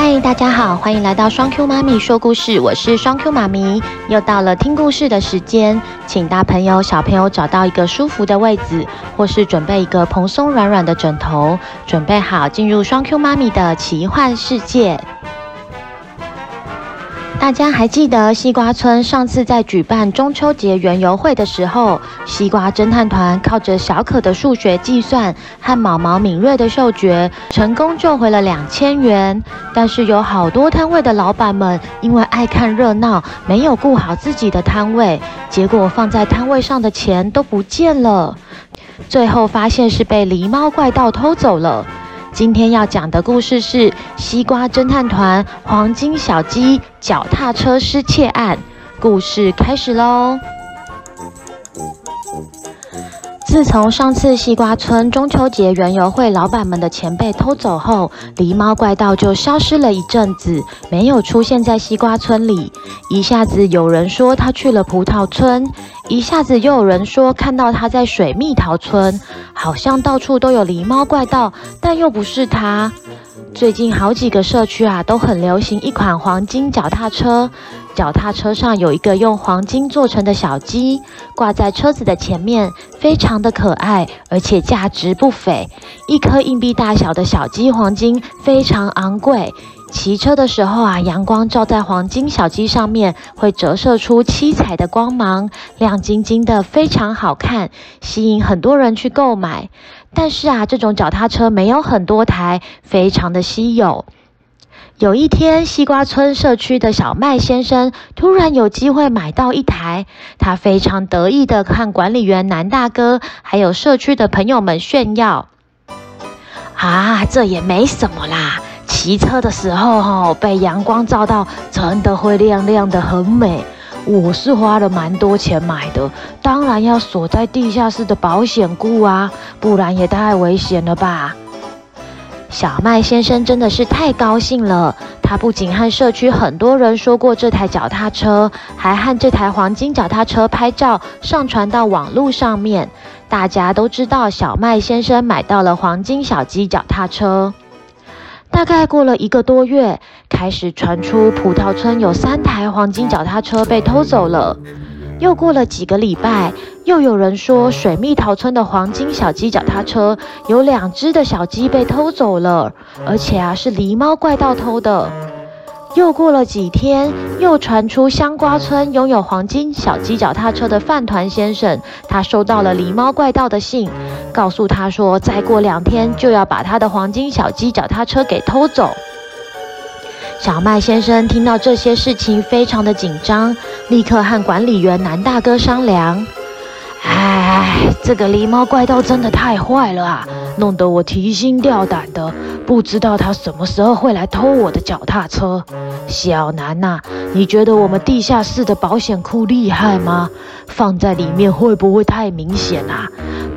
嗨，大家好，歡迎來到雙 Q 媽咪說故事，我是雙 Q 媽咪，又到了聽故事的時間，請大朋友小朋友找到一個舒服的位置，或是準備一個蓬鬆軟軟的枕頭，準備好進入雙 Q 媽咪的奇幻世界。大家還記得西瓜村上次在舉辦中秋節園遊會的時候，西瓜偵探團靠着小可的數學計算和毛毛敏銳的嗅覺，成功救回了兩千元。但是有好多攤位的老闆們因為愛看熱鬧，沒有顧好自己的攤位，結果放在攤位上的錢都不見了。最後發現是被狸貓怪盜偷走了。今天要講的故事是《西瓜偵探團：黃金小雞腳踏車失竊案》。故事開始嘍！自從上次西瓜村中秋節園遊會老闆們的錢被偷走後，狸貓怪盜就消失了一陣子，沒有出現在西瓜村裡。一下子有人說他去了葡萄村，一下子又有人說看到他在水蜜桃村，好像到處都有狸貓怪盜，但又不是他。最近好幾個社區啊都很流行一款黃金腳踏車。腳踏車上有一個用黃金做成的小雞，掛在車子的前面，非常的可愛，而且價值不菲。一顆硬幣大小的小雞，黃金非常昂貴。騎車的時候啊，陽光照在黃金小雞上面，會折射出七彩的光芒，亮晶晶的，非常好看，吸引很多人去購買。但是啊，這種腳踏車沒有很多台，非常的稀有。有一天，西瓜村社區的小麥先生突然有機會買到一台，他非常得意的看管理員南大哥還有社區的朋友們炫耀：“啊，這也沒什麼啦，騎車的時候齁，被陽光照到，真的會亮亮的很美。我是花了蠻多錢買的，當然要鎖在地下室的保險庫啊，不然也太危險了吧。”小麥先生真的是太高興了，他不僅和社區很多人說過這台腳踏車，還和這台黃金腳踏車拍照上傳到網絡上面。大家都知道小麥先生買到了黃金小雞腳踏車。大概過了一個多月，開始傳出葡萄村有三台黃金腳踏車被偷走了。又過了幾個禮拜，又有人說水蜜桃村的黃金小雞腳踏車有兩隻的小雞被偷走了，而且啊是狸貓怪盜偷的。又過了幾天，又傳出香瓜村擁有黃金小雞腳踏車的飯糰先生，他收到了狸貓怪盜的信，告訴他說再過兩天就要把他的黃金小雞腳踏車給偷走。小麥先生聽到這些事情，非常的緊張，立刻和管理員南大哥商量。唉，這個狸貓怪盜真的太壞了啊！弄得我提心吊膽的，不知道他什麼時候會來偷我的腳踏車。小南吶，你覺得我們地下室的保險庫厲害嗎？放在裡面會不會太明顯啊？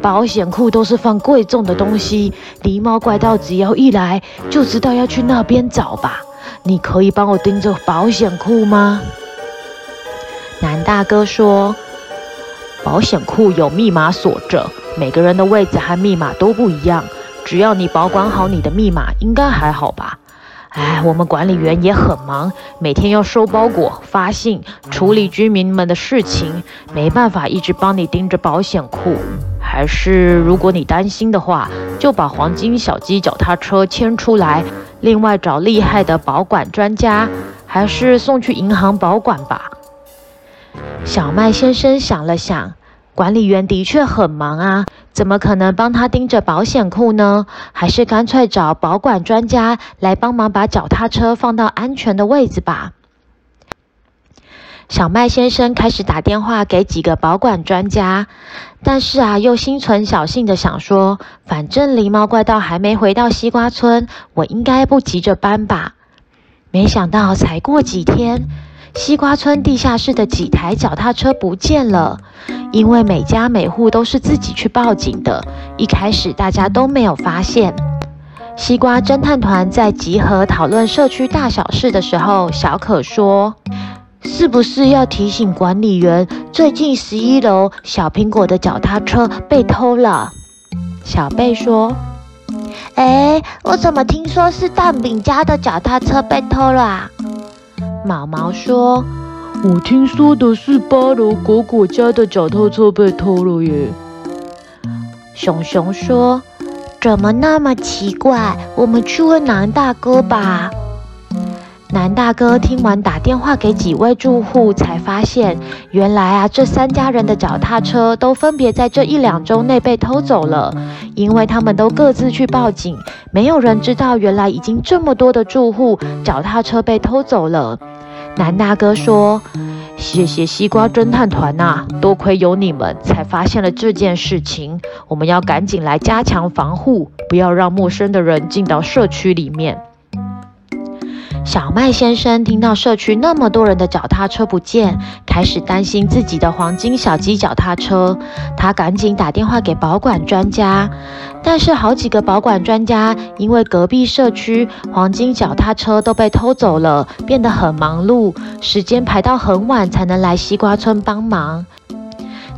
保險庫都是放貴重的東西，狸貓怪盜只要一來就知道要去那邊找吧。你可以幫我盯着保險庫嗎？男大哥說：“保險庫有密碼鎖着，每個人的位置和密碼都不一樣。只要你保管好你的密碼，應該還好吧？唉，我們管理員也很忙，每天要收包裹、發信、處理居民們的事情，沒辦法一直幫你盯着保險庫。還是如果你擔心的話，就把黃金小雞腳踏車牽出來。”另外找厲害的保管專家，還是送去銀行保管吧。小麥先生想了想，管理員的確很忙啊，怎麼可能幫他盯着保險庫呢？還是乾脆找保管專家來幫忙把腳踏車放到安全的位置吧。小麥先生開始打電話給幾個保管專家，但是啊，又心存僥倖的想說，反正狸貓怪盜還沒回到西瓜村，我應該不急着搬吧。沒想到才過幾天，西瓜村地下室的幾台腳踏車不見了，因為每家每戶都是自己去報警的，一開始大家都沒有發現。西瓜偵探團在集合討論社區大小事的時候，小可說。是不是要提醒管理員，最近十一樓小蘋果的腳踏車被偷了？小貝說：“哎、欸，我怎麼聽說是蛋餅家的腳踏車被偷了啊？”毛毛說：“我聽說的是八樓果果家的腳踏車被偷了耶。”熊熊說：“怎麼那麼奇怪？我們去問男大哥吧。”南大哥聽完，打電話給幾位住戶，才發現，原來啊，這三家人的腳踏車都分別在這一兩周內被偷走了，因為他們都各自去報警，沒有人知道原來已經這麼多的住戶腳踏車被偷走了。南大哥說：“謝謝西瓜偵探團吶、啊，多虧有你們才發現了這件事情，我們要趕緊來加強防護，不要讓陌生的人進到社區裡面。”小麥先生聽到社區那麼多人的腳踏車不見，開始擔心自己的黃金小雞腳踏車。他趕緊打電話給保管專家，但是好幾個保管專家因為隔壁社區黃金腳踏車都被偷走了，變得很忙碌，時間排到很晚才能來西瓜村幫忙。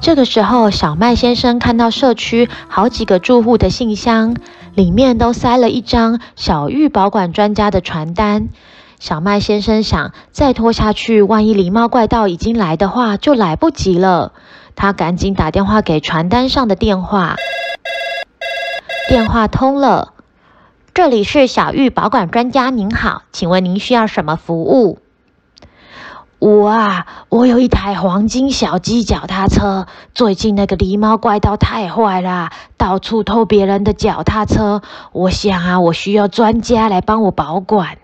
這個時候，小麥先生看到社區好幾個住戶的信箱裡面都塞了一張小玉保管專家的傳單。小麥先生想，再拖下去，萬一狸貓怪盜已經來的話，就來不及了。他趕緊打電話給傳單上的電話。電話通了，這裡是小玉保管專家，您好，請問您需要什麼服務？我啊，我有一台黃金小雞腳踏車。最近那個狸貓怪盜太壞啦，到處偷別人的腳踏車。我想啊，我需要專家來幫我保管。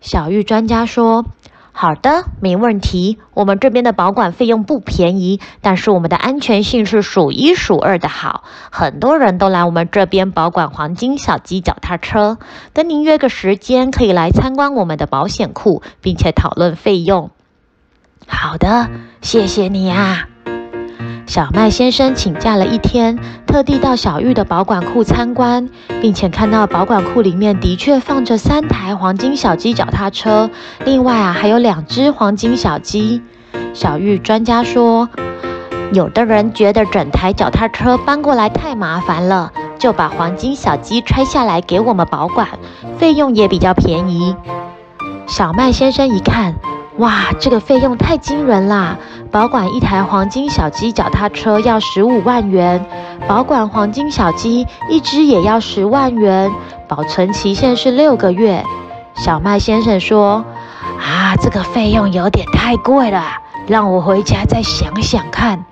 小玉專家說。好的，沒問題。我們這邊的保管費用不便宜，但是我們的安全性是數一數二的好，很多人都來我們這邊保管黃金小雞腳踏車。跟您約個時間，可以來參觀我們的保險庫，並且討論費用。好的，謝謝你啊。小麥先生請假了一天，特地到小玉的保管庫參觀，並且看到保管庫裡面的確放着三台黃金小雞腳踏車，另外啊還有兩隻黃金小雞。小玉專家說，有的人覺得整台腳踏車搬過來太麻煩了，就把黃金小雞拆下來給我們保管，費用也比較便宜。小麥先生一看，哇，這個費用太驚人啦！保管一台黃金小雞腳踏車要十五萬元，保管黃金小雞一隻也要十萬元，保存期限是六個月。小麥先生說：“啊，這個費用有點太貴了，讓我回家再想想看。”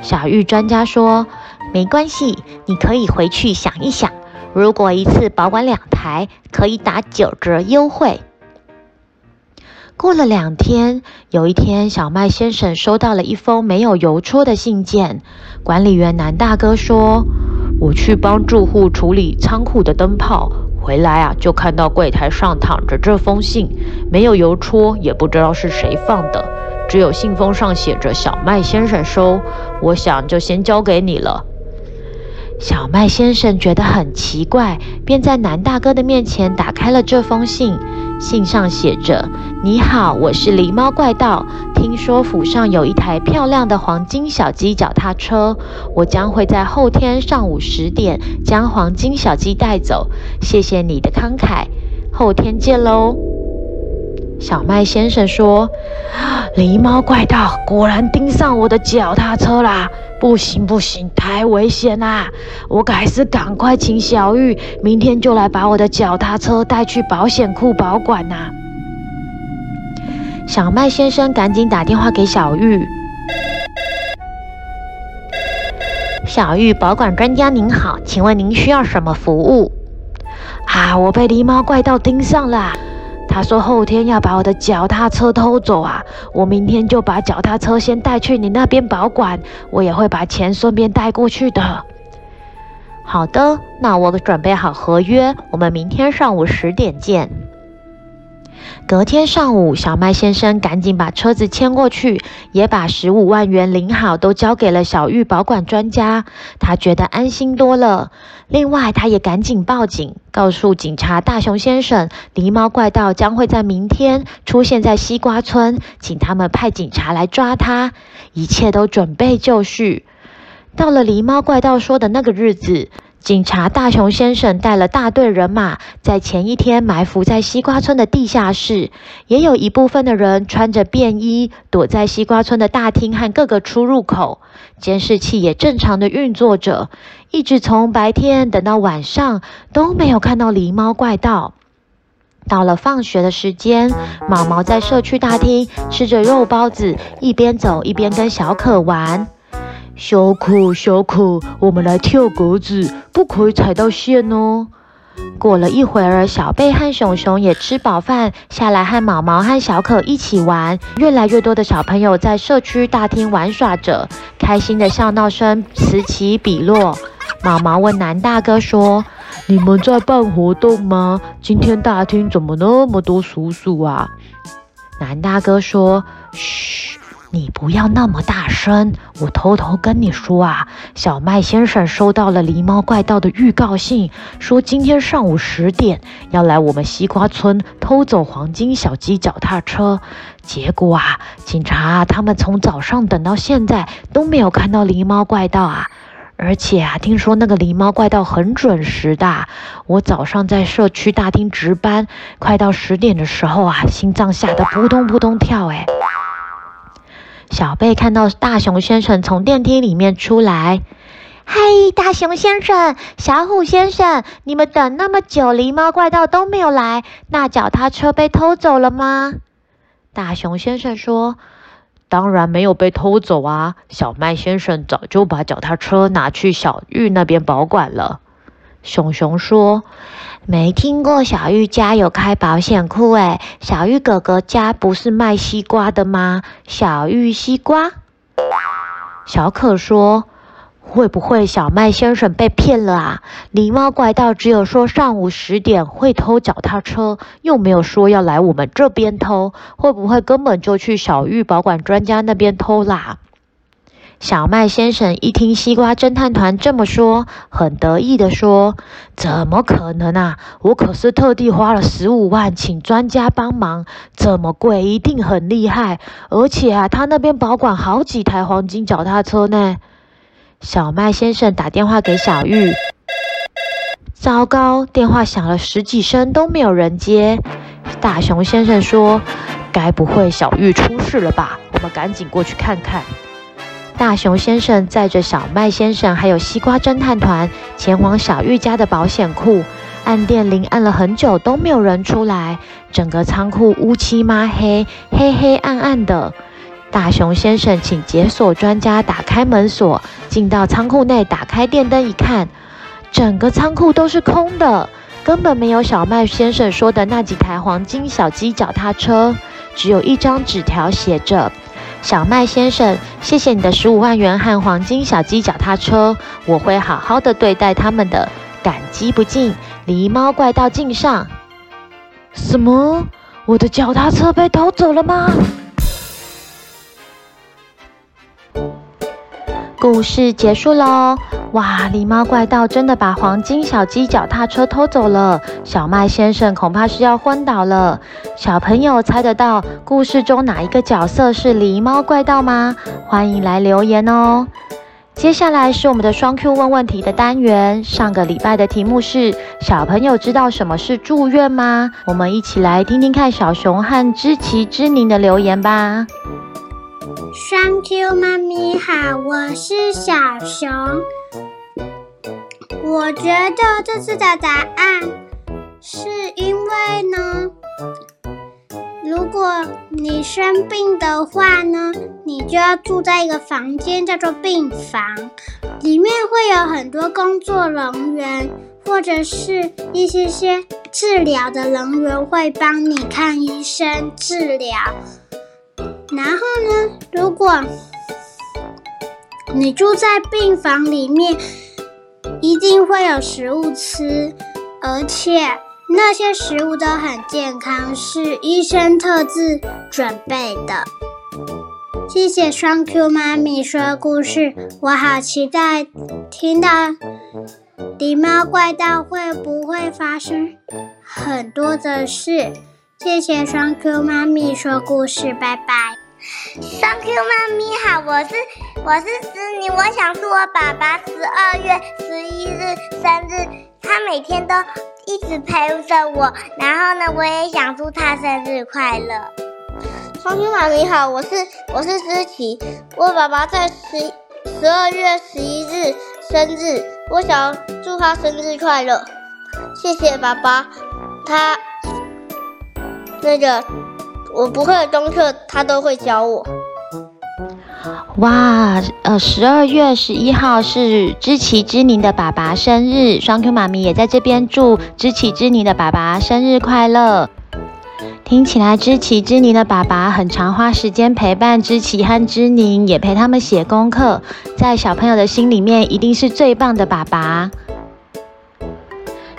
小玉專家說：“沒關係，你可以回去想一想。如果一次保管兩台，可以打九折優惠。”過了兩天，有一天，小麥先生收到了一封沒有郵戳的信件。管理員南大哥說：“我去幫住戶處理倉庫的燈泡，回來啊就看到櫃台上躺着這封信，沒有郵戳，也不知道是誰放的，只有信封上寫着‘小麥先生收’。我想就先交給你了。”小麥先生覺得很奇怪，便在南大哥的面前打開了這封信。信上寫着：“你好，我是狸貓怪盜。聽說府上有一台漂亮的黃金小雞腳踏車，我將會在後天上午十點將黃金小雞帶走。謝謝你的慷慨，後天見嘍。”小麥先生說：“狸貓怪盜果然盯上我的腳踏車啦！不行不行，太危險啦！我還是趕快請小玉明天就來把我的腳踏車帶去保險庫保管吶啊。”小麥先生趕緊打電話給小玉：“小玉保管專家您好，請問您需要什麼服務？啊，我被狸貓怪盜盯上了。”他說後天要把我的腳踏車偷走啊，我明天就把腳踏車先帶去你那邊保管，我也會把錢順便帶過去的。好的，那我準備好合約，我們明天上午十點見。隔天上午，小麥先生趕緊把車子牽過去，也把十五萬元領好，都交給了小玉保管專家。他覺得安心多了。另外，他也趕緊報警，告訴警察大熊先生，狸貓怪盜將會在明天出現在西瓜村，請他們派警察來抓他。一切都準備就緒。到了狸貓怪盜說的那個日子。警察大雄先生帶了大隊人馬，在前一天埋伏在西瓜村的地下室，也有一部分的人穿着便衣，躲在西瓜村的大廳和各個出入口。監視器也正常的運作着，一直從白天等到晚上都沒有看到狸貓怪盜。到了放學的時間，毛毛在社區大廳吃着肉包子，一邊走一邊跟小可玩。小可，小可，我們來跳格子，不可以踩到線哦。過了一會兒，小貝和熊熊也吃飽飯下來，和毛毛和小可一起玩。越來越多的小朋友在社區大廳玩耍着，開心的笑鬧聲此起彼落。毛毛問男大哥說：“你們在辦活動嗎？今天大廳怎麼那麼多叔叔啊？”男大哥說：“噓。”你不要那麼大聲！我偷偷跟你說啊，小麥先生收到了狸貓怪盜的預告信，說今天上午十點要來我們西瓜村偷走黃金小雞腳踏車。結果啊，警察啊，他們從早上等到現在都沒有看到狸貓怪盜啊！而且啊，聽說那個狸貓怪盜很準時的。我早上在社區大廳值班，快到十點的時候啊，心臟嚇得撲通撲通跳，誒。小貝看到大熊先生從電梯裡面出來，嗨，大熊先生、小虎先生，你們等那麼久，狸貓怪盜都沒有來，那腳踏車被偷走了嗎？大熊先生說：“當然沒有被偷走啊，小麥先生早就把腳踏車拿去小玉那邊保管了。”熊熊說。沒聽過小玉家有開保險庫哎，小玉哥哥家不是賣西瓜的嗎？小玉西瓜，小可說，會不會小麥先生被騙了啊？狸貓怪盜只有說上午十點會偷腳踏車，又沒有說要來我們這邊偷，會不會根本就去小玉保管專家那邊偷啦啊？小麥先生一聽西瓜偵探團這麼說，很得意地說：“怎麼可能啊！我可是特地花了十五萬請專家幫忙，這麼貴一定很厲害。而且啊，他那邊保管好幾台黃金腳踏車呢。”小麥先生打電話給小玉，糟糕，電話響了十幾聲都沒有人接。大熊先生說：“該不會小玉出事了吧？我們趕緊過去看看。”大熊先生載着小麥先生，還有西瓜偵探團前往小玉家的保險庫，按電鈴按了很久都沒有人出來。整個倉庫烏漆嘛黑，黑黑暗暗的。大熊先生請解鎖專家打開門鎖，進到倉庫內，打開電燈一看，整個倉庫都是空的，根本沒有小麥先生說的那幾台黃金小雞腳踏車，只有一張紙條寫着。小麥先生，謝謝你的十五萬元和黃金小雞腳踏車，我會好好的對待他們的，感激不盡。狸貓怪盜敬上。什麼？我的腳踏車被偷走了嗎？故事結束嘍。哇！狸貓怪盜真的把黃金小雞腳踏車偷走了，小麥先生恐怕是要昏倒了。小朋友猜得到故事中哪一個角色是狸貓怪盜嗎？歡迎來留言哦。接下來是我們的雙 Q 問問題的單元。上個禮拜的題目是：小朋友知道什麼是住院嗎？我們一起來聽聽看小熊和知其知寧的留言吧。雙 Q 媽咪好，我是小熊。我覺得這次的答案是因為呢，如果你生病的話呢，你就要住在一個房間，叫做病房。裡面會有很多工作人員，或者是一些些治療的人員會幫你看醫生治療。然後呢，如果你住在病房裡面。一定會有食物吃，而且那些食物都很健康，是醫生特制準備的。謝謝雙 Q 媽咪說故事，我好期待聽到《狸貓怪盜》會不會發生很多的事。謝謝雙 Q 媽咪說故事，拜拜。雙 Q 媽咪好，我是。我是思妮，我想祝我爸爸十二月十一日生日。他每天都一直陪着我，然後呢，我也想祝他生日快樂。雙 Q 媽咪，你好，我是我是思琪。我爸爸在十十二月十一日生日，我想祝他生日快樂。謝謝爸爸，他那個我不會的功課，他都會教我。哇，呃，十二月十一號是知奇知寧的爸爸生日，雙 Q 媽咪也在這邊祝知奇知寧的爸爸生日快樂。聽起來知奇知寧的爸爸很常花時間陪伴知奇和知寧，也陪他們寫功課，在小朋友的心裡面一定是最棒的爸爸。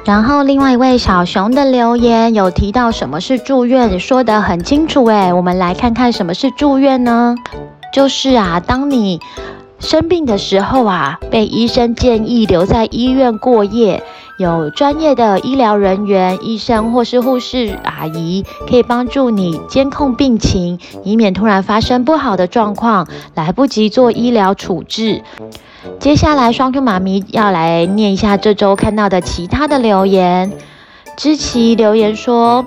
然後另外一位小熊的留言有提到什麼是住院，說得很清楚，誒，我們來看看什麼是住院呢？就是啊，當你生病的時候啊，被醫生建議留在醫院過夜，有專業的醫療人員、醫生或是護士阿姨可以幫助你監控病情，以免突然發生不好的狀況，來不及做醫療處置。接下來，雙 Q 媽咪要來念一下這周看到的其他的留言。芝琪留言說。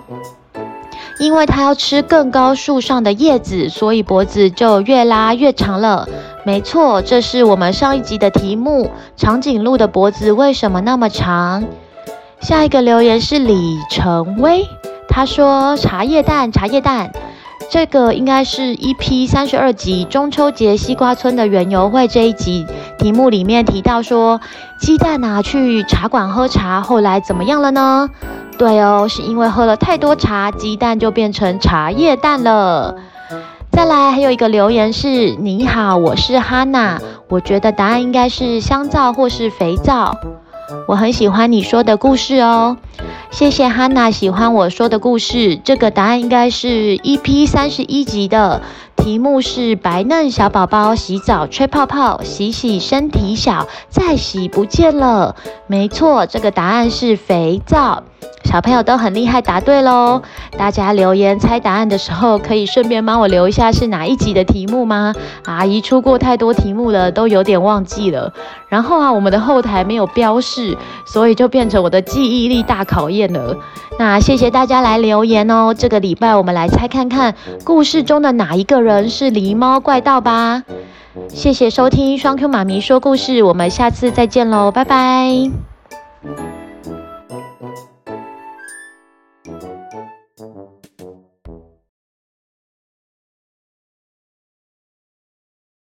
因為它要吃更高樹上的葉子，所以脖子就越拉越長了。沒錯，這是我們上一集的題目：長頸鹿的脖子為什麼那麼長？下一個留言是李成威，他說：“茶葉蛋，茶葉蛋，這個應該是 EP 三十二集中秋節西瓜村的園遊會這一集題目裡面提到說，雞蛋拿、啊、去茶館喝茶，後來怎麼樣了呢？”對哦，是因為喝了太多茶，雞蛋就變成茶葉蛋了。再來，還有一個留言是：你好，我是 Hanna，我覺得答案應該是香皂或是肥皂。我很喜歡你說的故事哦。謝謝 Hanna 喜歡我說的故事。這個答案應該是 EP 31集的。題目是白嫩小寶寶洗澡吹泡泡，洗洗身體小，再洗不見了。沒錯，這個答案是肥皂。小朋友都很厲害，答對嘍！大家留言猜答案的時候，可以順便幫我留一下是哪一集的題目嗎？阿姨出過太多題目了，都有點忘記了。然後啊，我們的後台沒有標示，所以就變成我的記憶力大考驗了。那謝謝大家來留言哦。這個禮拜我們來猜看看故事中的哪一個人。人是狸貓怪盜吧？謝謝收聽雙 Q 媽咪說故事，我們下次再見嘍，拜拜。